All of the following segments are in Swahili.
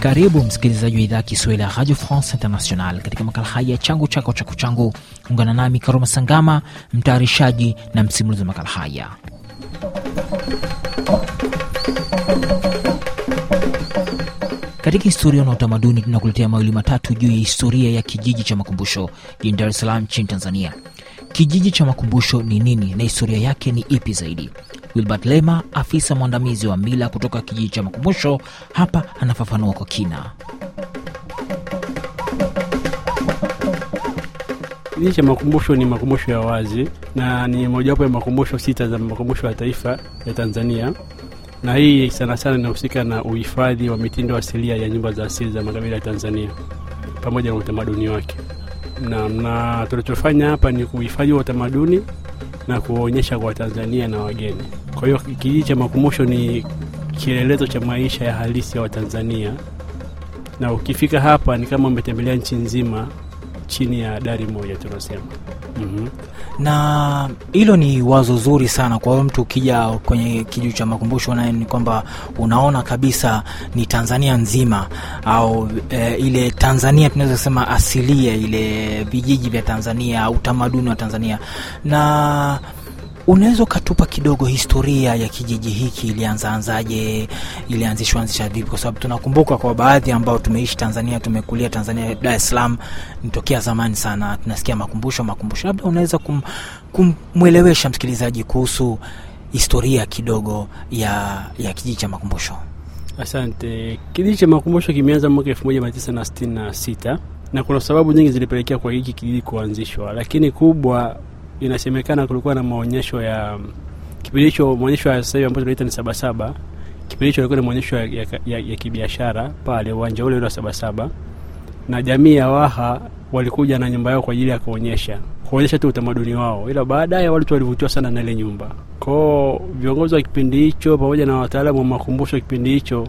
Karibu msikilizaji wa idhaa Kiswahili ya Radio France International katika makala haya changu chako chako changu. Ungana nami Karoma Sangama, mtayarishaji na msimulizi wa makala haya. Katika historia na utamaduni, tunakuletea mawili matatu juu ya historia ya kijiji cha Makumbusho jini dares salam nchini Tanzania. Kijiji cha Makumbusho ni nini na historia yake ni ipi zaidi? Wilbert Lema, afisa mwandamizi wa mila kutoka kijiji cha Makumbusho, hapa anafafanua kwa kina. Kijiji cha Makumbusho ni makumbusho ya wazi na ni mojawapo ya makumbusho sita za makumbusho ya taifa ya Tanzania, na hii sana sana inahusika na uhifadhi wa mitindo asilia ya nyumba za asili za makabila ya Tanzania pamoja na utamaduni wake na, na tunachofanya hapa ni kuhifadhi wa utamaduni na kuwaonyesha kwa tanzania na wageni. Kwa hiyo kijiji cha makumbusho ni kielelezo cha maisha ya halisi ya Watanzania, na ukifika hapa ni kama umetembelea nchi nzima chini ya dari moja tunasema. Mhm. na hilo ni wazo zuri sana. Kwa hiyo mtu ukija kwenye kijiji cha makumbusho, naye ni kwamba unaona kabisa ni Tanzania nzima au e, ile Tanzania tunaweza kusema asilia, ile vijiji vya Tanzania, utamaduni wa Tanzania na Unaweza ukatupa kidogo historia ya kijiji hiki, ilianzaanzaje? ilianzishwa anzisha vipi? Kwa sababu tunakumbuka kwa baadhi ambao tumeishi Tanzania, tumekulia Tanzania, Dar es Salaam nitokea zamani sana, tunasikia makumbusho makumbusho. Labda unaweza kumwelewesha kum, msikilizaji kuhusu historia kidogo ya, ya kijiji cha Makumbusho. Asante. Kijiji cha Makumbusho kimeanza mwaka 1966 na kuna sababu nyingi zilipelekea kwa hiki kijiji kuanzishwa, lakini kubwa inasemekana kulikuwa na maonyesho ya mm, kipindi hicho, maonyesho ya sasa hivi ambacho tunaita ni Sabasaba. Kipindi hicho ilikuwa ni maonyesho ya, ya, ya, ya kibiashara pale uwanja ule ule wa Sabasaba, na jamii ya Waha walikuja na nyumba yao kwa ajili ya kuonyesha kuonyesha tu utamaduni wao, ila baadaye watu walivutiwa sana na ile nyumba kwao. Viongozi wa kipindi hicho pamoja na wataalamu wa makumbusho wa kipindi hicho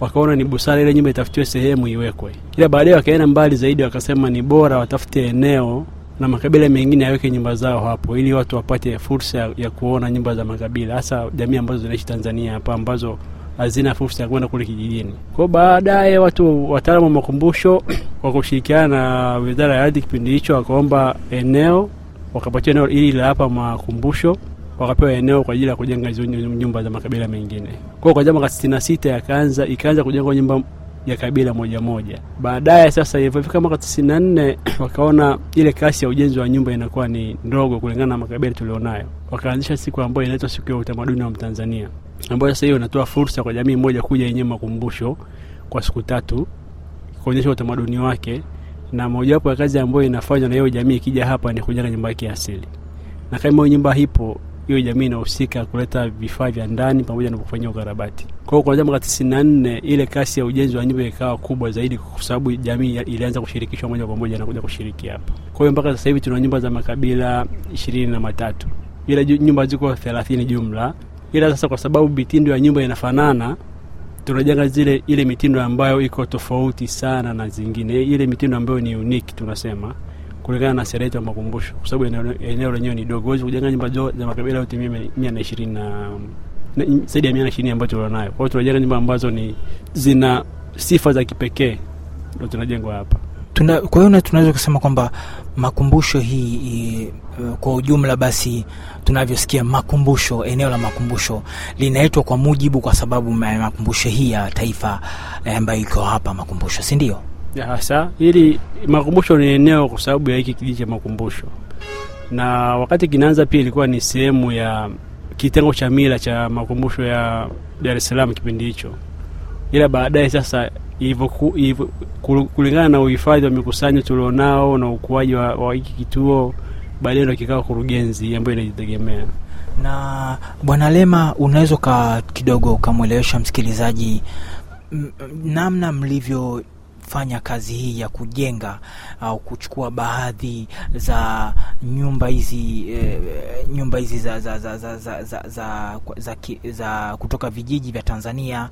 wakaona ni busara ile nyumba itafutiwe sehemu iwekwe, ila baadaye wakaenda mbali zaidi, wakasema ni bora watafute eneo na makabila mengine yaweke nyumba zao hapo, ili watu wapate fursa ya kuona nyumba za makabila, hasa jamii ambazo zinaishi Tanzania hapa ambazo hazina fursa ya kwenda kule kijijini. Kwa baadaye, watu wataalamu wa makumbusho kwa kushirikiana na Wizara ya Ardhi kipindi hicho wakaomba eneo, wakapatiwa eneo ili la hapa makumbusho wakapewa eneo kwa ajili ya kujenga hizo nyumba za makabila mengine. Kwa kwa jamaa ka 66 yakaanza ikaanza kujengwa nyumba ya kabila moja moja. Baadaye sasa, ilipofika mwaka tisini na nne wakaona ile kasi ya ujenzi wa nyumba inakuwa ni ndogo kulingana na makabila tulionayo, wakaanzisha siku ambayo inaitwa siku ya utamaduni wa Mtanzania, ambayo sasa hiyo inatoa fursa kwa jamii moja kuja yenyewe makumbusho kwa siku tatu kuonyesha utamaduni wake, na mojawapo ya kazi ambayo inafanywa na hiyo jamii ikija hapa ni kujenga nyumba yake asili, na kama hiyo nyumba hipo hiyo jamii inahusika kuleta vifaa vya ndani pamoja na kufanyia ukarabati. Kwa hiyo kuanzia mwaka tisini na nne ile kasi ya ujenzi wa nyumba ikawa kubwa zaidi, kwa sababu jamii ilianza kushirikishwa moja kwa moja na kuja kushiriki hapa. Kwa hiyo mpaka sasa hivi tuna nyumba za makabila ishirini na matatu ila nyumba ziko thelathini jumla, ila sasa kwa sababu mitindo ya nyumba inafanana tunajenga zile ile mitindo ambayo iko tofauti sana na zingine, ile mitindo ambayo ni unique tunasema kulingana na sherehe ya makumbusho, kwa sababu eneo lenyewe ni dogo, huwezi kujenga nyumba za makabila yote mia na ishirini na zaidi ya mia na ishirini ambayo tulionayo. Kwa hiyo tunajenga nyumba ambazo ni zina sifa za kipekee, ndo tunajengwa hapa. Tuna, kwa hiyo tunaweza kusema kwamba makumbusho hii i, kwa ujumla basi tunavyosikia makumbusho, eneo la makumbusho linaitwa kwa mujibu, kwa sababu makumbusho hii ya taifa eh, ambayo iko hapa makumbusho, si ndio? hasa. Ili makumbusho ni eneo kwa sababu ya hiki kijiji cha makumbusho, na wakati kinaanza pia ilikuwa ni sehemu ya kitengo cha mila cha makumbusho ya Dar es Salaam kipindi hicho, ila baadaye sasa hivyo kulingana na uhifadhi wa mikusanyo tulionao na ukuaji wa hiki kituo, baadaye ndo kikawa kurugenzi ambayo inajitegemea. Na Bwana Lema, unaweza ka kidogo ukamwelewesha msikilizaji namna mlivyo fanya kazi hii ya kujenga au kuchukua baadhi za nyumba hizi e, nyumba hizi za, za, za, za, za, za, za, za, za, za kutoka vijiji vya Tanzania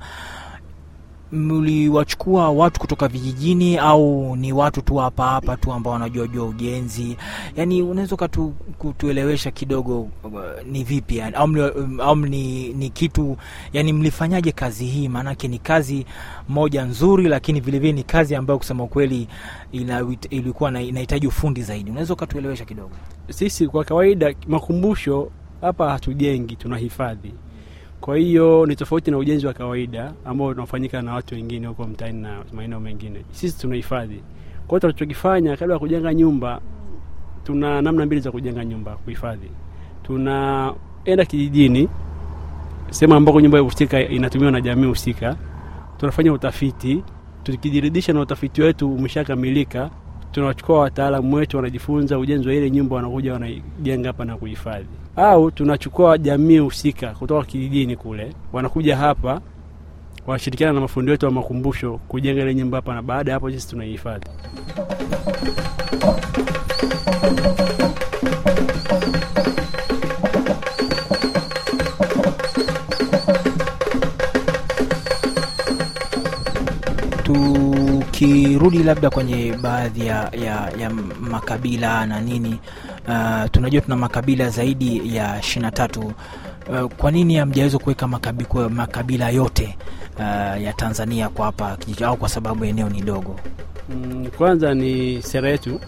mliwachukua watu kutoka vijijini au ni watu tu hapa hapa tu ambao wanajua jua ujenzi? Yani unaweza katu kutuelewesha kidogo uh, ni vipi au um, ni, ni kitu yani mlifanyaje kazi hii? Maanake ni kazi moja nzuri, lakini vilevile ni kazi ambayo kusema ukweli ina, ilikuwa inahitaji ufundi zaidi. Unaweza ukatuelewesha kidogo? Sisi kwa kawaida makumbusho hapa hatujengi, tunahifadhi kwa hiyo ni tofauti na ujenzi wa kawaida ambao unafanyika na watu wengine huko mtaani na maeneo mengine. Sisi tunahifadhi. Kwa hiyo tunachokifanya kabla ya kujenga nyumba, tuna namna mbili za kujenga nyumba kuhifadhi. Tunaenda kijijini, sehemu ambako nyumba husika inatumiwa na jamii husika, tunafanya utafiti, tukijiridisha na utafiti wetu umeshakamilika tunawachukua wataalamu wetu, wanajifunza ujenzi wa ile nyumba, wanakuja wanaijenga hapa na kuhifadhi, au tunachukua jamii husika kutoka kijijini kule, wanakuja hapa wanashirikiana na mafundi wetu wa makumbusho kujenga ile nyumba hapa, na baada ya hapo sisi tunaihifadhi. tukirudi labda kwenye baadhi ya, ya, ya makabila na nini uh, tunajua tuna makabila zaidi ya ishirini na tatu uh, kwa nini hamjaweza kuweka makabila, yote uh, ya Tanzania kwa hapa kijiji au kwa sababu eneo ni dogo? Mm, kwanza ni sera yetu,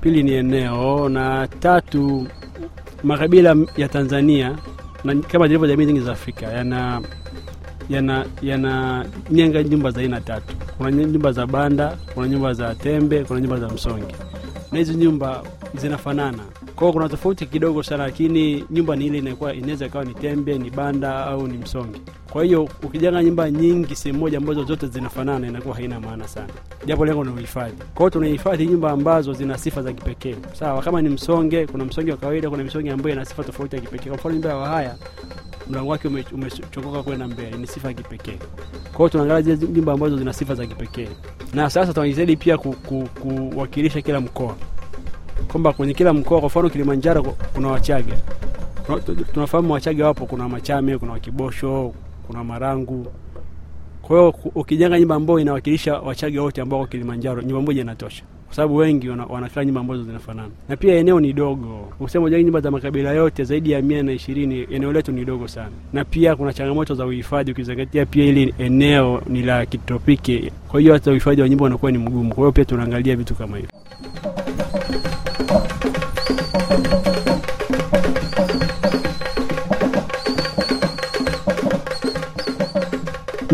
pili ni eneo, na tatu makabila ya Tanzania na kama jamii nyingi za Afrika yana yana yana nyumba za aina tatu kuna nyumba za banda, kuna nyumba za tembe, kuna nyumba za msonge, na hizi nyumba zinafanana kwao, kuna tofauti kidogo sana, lakini nyumba ni ile inaweza ikawa ni tembe, ni banda au ni msonge. Kwa hiyo ukijenga nyumba nyingi sehemu moja ambazo zote zinafanana inakuwa haina maana sana, japo lengo ni uhifadhi. Kwa hiyo tunahifadhi nyumba ambazo zina sifa za kipekee, sawa. Kama ni msonge, kuna msonge wa kawaida, kuna msonge ambayo ina sifa tofauti ya kipekee. Kwa mfano nyumba ya Wahaya mlango wake umechokoka kwenda mbele, ni sifa ya kipekee. kwao tunaangalia zile nyumba ambazo zina sifa za kipekee, na sasa tunajitahidi pia kuwakilisha ku, ku, kila mkoa, kwamba kwenye kila mkoa, kwa mfano Kilimanjaro kuna Wachaga, tunafahamu Wachaga wapo, kuna Machame, kuna Wakibosho, kuna Marangu. Kwa hiyo ukijenga nyumba ambayo inawakilisha Wachaga wote ambao Kilimanjaro, nyumba moja inatosha kwa sababu wengi wanafikiria nyumba ambazo zinafanana, na pia eneo ni dogo. usema unajaribu nyumba za makabila yote zaidi ya mia na ishirini, eneo letu ni dogo sana, na pia kuna changamoto za uhifadhi, ukizingatia pia hili eneo ni la kitropiki, kwa hiyo hata uhifadhi wa nyumba unakuwa ni mgumu. Kwa hiyo pia tunaangalia vitu kama hivyo.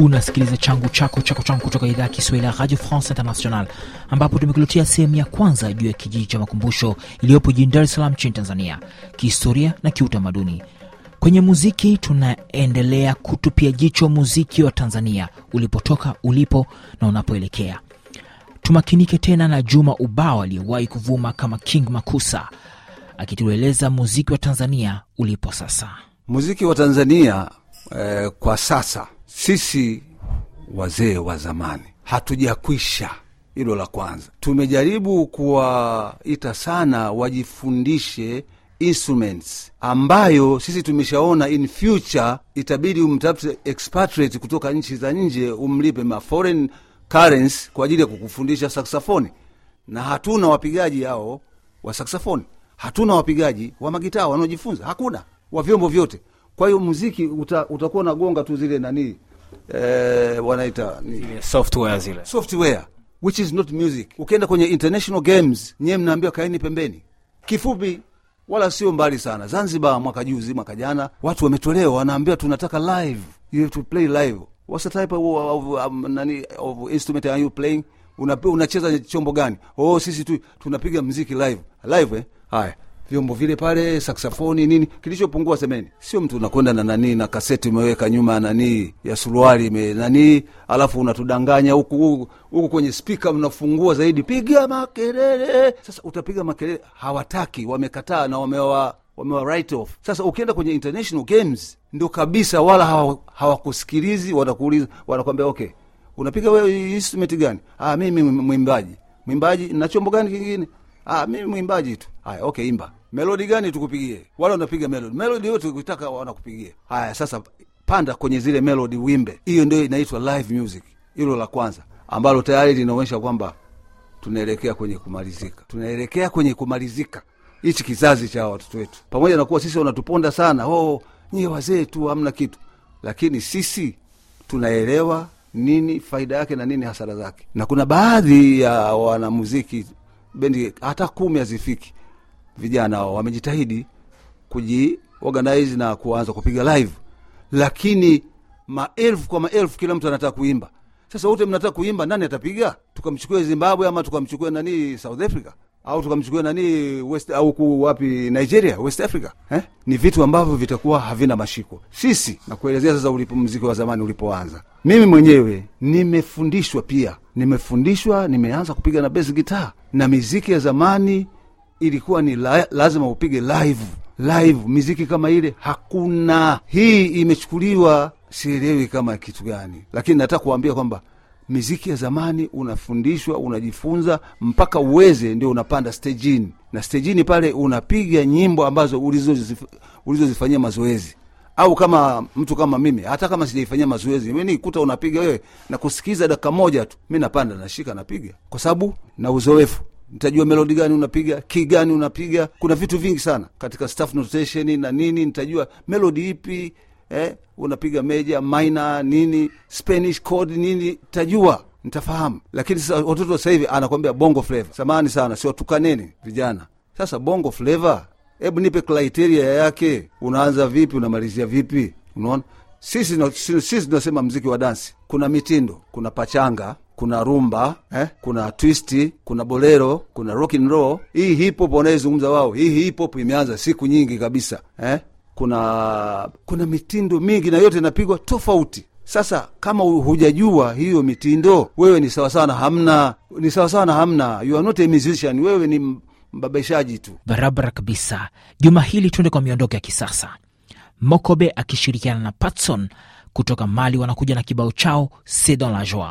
Unasikiliza changu chako chako changu kutoka idhaa ya Kiswahili ya Radio France International, ambapo tumekuletea sehemu ya kwanza juu ya kijiji cha makumbusho iliyopo jijini Dar es Salaam nchini Tanzania, kihistoria na kiutamaduni. Kwenye muziki, tunaendelea kutupia jicho muziki wa Tanzania, ulipotoka, ulipo na unapoelekea. Tumakinike tena na Juma Ubao aliyewahi kuvuma kama King Makusa, akitueleza muziki wa Tanzania ulipo sasa. Muziki wa Tanzania eh, kwa sasa sisi wazee wa zamani hatujakwisha. Hilo la kwanza. Tumejaribu kuwaita sana wajifundishe instruments ambayo sisi tumeshaona in future itabidi umtafute expatriate kutoka nchi za nje, umlipe ma foreign currency kwa ajili ya kukufundisha saksafoni, na hatuna wapigaji hao wa saksafoni, hatuna wapigaji wa magitaa wanaojifunza, hakuna wa vyombo vyote. Kwa hiyo muziki uta, utakuwa unagonga tu zile nani eh, wanaita ni software zile software which is not music. Ukienda kwenye international games, nyewe mnaambiwa kaeni pembeni. Kifupi wala sio mbali sana, Zanzibar mwaka juzi, mwaka jana, watu wametolewa, wanaambiwa tunataka live, you have to play live. What's the type of, of, um, nani, of instrument are you playing? Unapewa, Unacheza chombo gani? Oh, sisi tu tunapiga mziki live live, eh? Haya, vyombo vile pale saksafoni nini kilichopungua semeni sio mtu unakwenda na nanii na kaseti umeweka nyuma nanii ya suruali me nanii alafu unatudanganya huku huku kwenye spika mnafungua zaidi piga makelele sasa utapiga makelele hawataki wamekataa na wamewa wamewa write off sasa ukienda kwenye international games ndo kabisa wala hawakusikilizi hawa wanakuuliza wanakwambia okay unapiga wewe instrument gani ah, mimi mwimbaji mwimbaji na chombo gani kingine ah, mimi mwimbaji tu haya okay imba melodi gani tukupigie? Wale wanapiga melodi, melodi yote ukitaka wanakupigia. Haya, sasa panda kwenye zile melodi, wimbe. Hiyo ndio inaitwa live music. Hilo la kwanza ambalo tayari linaonyesha kwamba tunaelekea kwenye kumalizika, tunaelekea kwenye kumalizika hichi kizazi cha watoto wetu, pamoja na kuwa sisi wanatuponda sana, oh, nyie wazee tu hamna kitu, lakini sisi tunaelewa nini faida yake na nini hasara zake, na kuna baadhi ya wanamuziki bendi hata kumi hazifiki vijana wamejitahidi kujiorganize na kuanza kupiga live, lakini maelfu kwa maelfu, kila mtu anataka kuimba. Sasa wote mnataka kuimba, nani atapiga? Tukamchukue Zimbabwe ama tukamchukue nani South Africa au tukamchukue nani West au ku wapi Nigeria, West Africa eh? Ni vitu ambavyo vitakuwa havina mashiko. Sisi nakuelezea sasa ulipo mziki wa zamani ulipoanza. Mimi mwenyewe nimefundishwa pia, nimefundishwa, nimeanza kupiga na bass guitar na miziki ya zamani ilikuwa ni la, lazima upige live live miziki kama ile hakuna. Hii imechukuliwa sielewi kama kitu gani, lakini nataka kuambia kwamba miziki ya zamani unafundishwa, unajifunza mpaka uweze, ndio unapanda stejini, na stejini pale unapiga nyimbo ambazo ulizozif, ulizozifanyia mazoezi au kama mtu kama mimi, hata kama sijaifanyia mazoezi, mi nikuta unapiga wewe na kusikiza dakika moja tu, mi napanda, nashika, napiga kwa sababu na uzoefu nitajua melodi gani unapiga ki gani unapiga kuna vitu vingi sana katika staff notation na nini nitajua melodi ipi eh, unapiga meja minor nini spanish chord nini ntajua nitafahamu lakini sasa watoto sasa hivi anakwambia bongo fleva samani sana siwatukaneni vijana sasa bongo fleva hebu nipe kriteria yake unaanza vipi unamalizia vipi unaona sisi tunasema mziki wa dansi kuna mitindo kuna pachanga kuna rumba eh? kuna twisti kuna bolero kuna rock and roll hii hip hop wanayezungumza wao hii hip hop imeanza siku nyingi kabisa eh? kuna kuna mitindo mingi na yote inapigwa tofauti sasa kama hujajua hiyo mitindo wewe ni sawasawa na hamna ni sawasawa na hamna you are not a musician wewe ni mbabaishaji tu barabara kabisa juma hili tuende kwa miondoko ya kisasa mokobe akishirikiana na patson kutoka mali wanakuja na kibao chao sedon la joi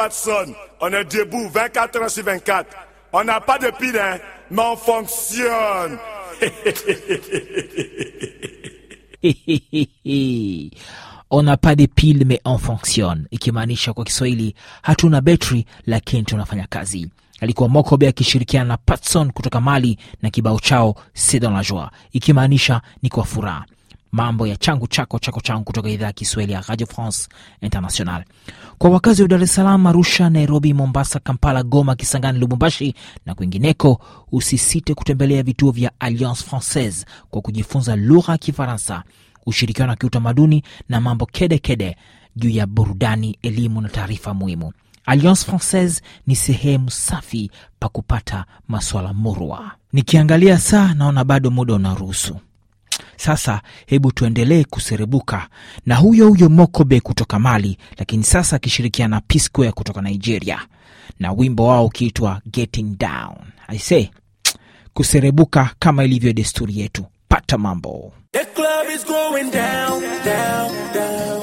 Patson. On est debout 24 heures sur 24. On n'a pas de pile, hein, mais on fonctionne. on n'a pas de pile, mais on fonctionne, ikimaanisha kwa Kiswahili hatuna betri lakini tunafanya kazi. Alikuwa Mokobe akishirikiana na Patson kutoka Mali na kibao chao C'est la Joa, ikimaanisha ni kwa furaha mambo ya changu chako chako changu kutoka idhaa ya Kiswahili ya Radio France International. Kwa wakazi wa Dar es Salaam, Arusha, Nairobi, Mombasa, Kampala, Goma, Kisangani, Lubumbashi na kwingineko, usisite kutembelea vituo vya Alliance Francaise kwa kujifunza lugha ya Kifaransa, ushirikiano wa kiutamaduni na mambo kedekede kede juu ya burudani, elimu na taarifa muhimu. Alliance Francaise ni sehemu safi pa kupata maswala murwa. Nikiangalia saa naona bado muda unaruhusu sasa hebu tuendelee kuserebuka na huyo huyo Mokobe kutoka Mali, lakini sasa akishirikiana na kutoka Nigeria na wimbo wao ukiitwa Getting Down. I say kuserebuka kama ilivyo desturi yetu, pata mambo. The club is going down, down, down.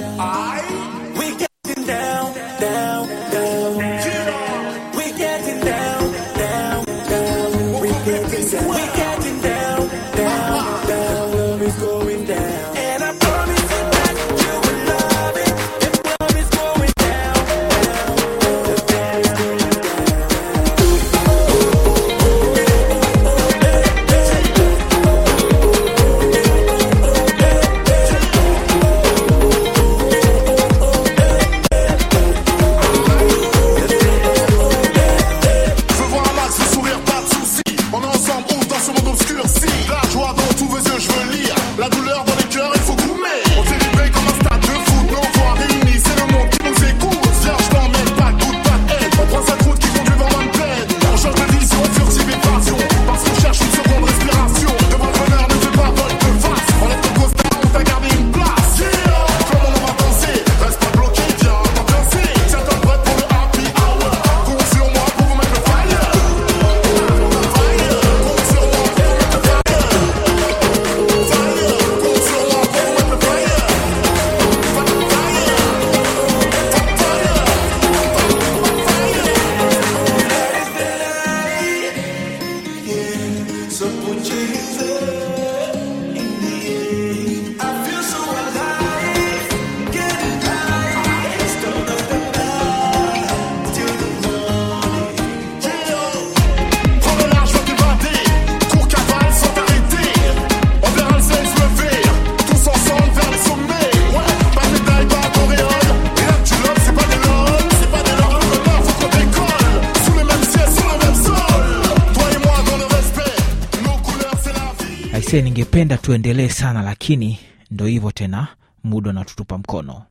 Aise, ningependa tuendelee sana, lakini ndo hivyo tena, muda unatutupa mkono.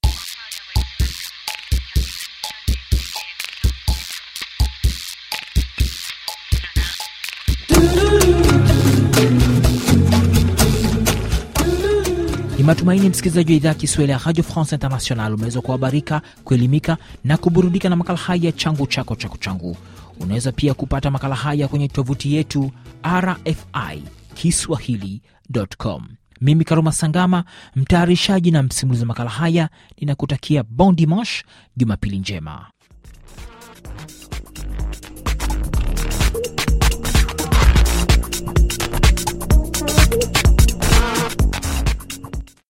Ni matumaini msikilizaji wa idhaa ya Kiswahili ya Radio France International umeweza kuhabarika, kuelimika na kuburudika na makala haya changu chako chako changu. Unaweza pia kupata makala haya kwenye tovuti yetu RFI kiswahili.com. Mimi Karuma Sangama, mtayarishaji na msimulizi wa makala haya, ninakutakia bon dimanche, Jumapili njema.